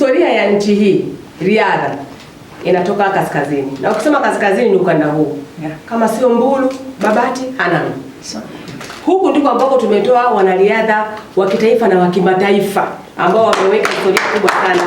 historia ya nchi hii riadha inatoka kaskazini, na ukisema kaskazini ni ukanda huu yeah. kama sio Mbulu, Babati, Hanang so. Huku ndiko ambako tumetoa wanariadha wa kitaifa na wa kimataifa ambao wameweka historia kubwa sana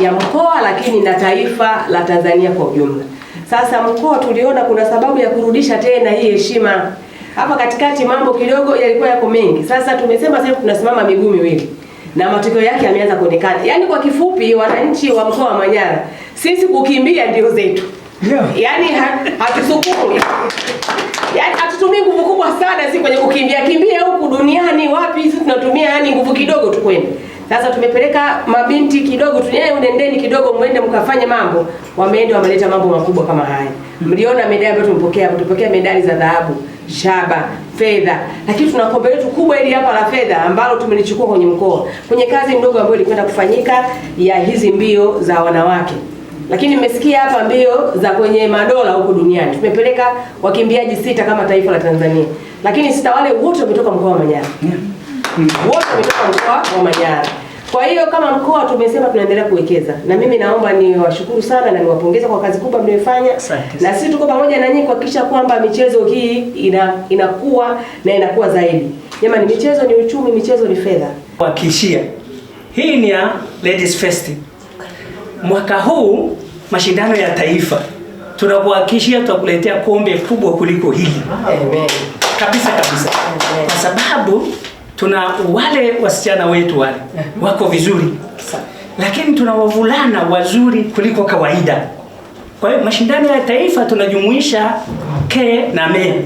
ya mkoa lakini na taifa la Tanzania kwa ujumla. Sasa mkoa tuliona kuna sababu ya kurudisha tena hii heshima. Hapa katikati mambo kidogo yalikuwa yako mengi. Sasa tumesema sasa tunasimama miguu miwili na matokeo yake yameanza kuonekana. Yaani kwa kifupi, wananchi wa mkoa wa Manyara, sisi kukimbia ndio zetu. Yeah. Yaani hatusukumwi. Yaani hatutumii nguvu kubwa sana si kwenye kukimbia kimbia huku duniani wapi, sisi tunatumia yaani nguvu kidogo tu kwenda. Sasa tumepeleka mabinti kidogo tu, yeye unendeni kidogo muende mkafanye mambo, wameenda wameleta mambo makubwa kama haya. Mm. Mliona medali ambayo tumepokea, tumepokea medali za dhahabu, shaba, fedha, lakini tuna kombe letu kubwa hili hapa la fedha ambalo tumelichukua kwenye mkoa kwenye kazi ndogo ambayo ilikwenda kufanyika ya hizi mbio za wanawake lakini mmesikia hapa mbio za kwenye madola huko duniani, tumepeleka wakimbiaji sita kama taifa la Tanzania, lakini sita wale wote wametoka mkoa wa Manyara. Yeah wote kutoka mkoa wa Manyara. Kwa hiyo kama mkoa tumesema tunaendelea kuwekeza, na mimi naomba niwashukuru sana na niwapongeze kwa kazi kubwa mliyofanya, na sisi tuko pamoja na nyinyi kuhakikisha kwamba michezo hii ina, inakuwa na inakuwa zaidi. Jamani, michezo ni uchumi, michezo ni fedha. Wakishia hii ni ya Ladies Fest mwaka huu, mashindano ya taifa, tunakuhakikishia tutakuletea kombe kubwa kuliko hili. Amen. Kabisa kabisa, kwa sababu tuna wale wasichana wetu wale mhm. wako vizuri, lakini tuna wavulana wazuri kuliko kawaida. Kwa hiyo mashindano ya taifa tunajumuisha ke na me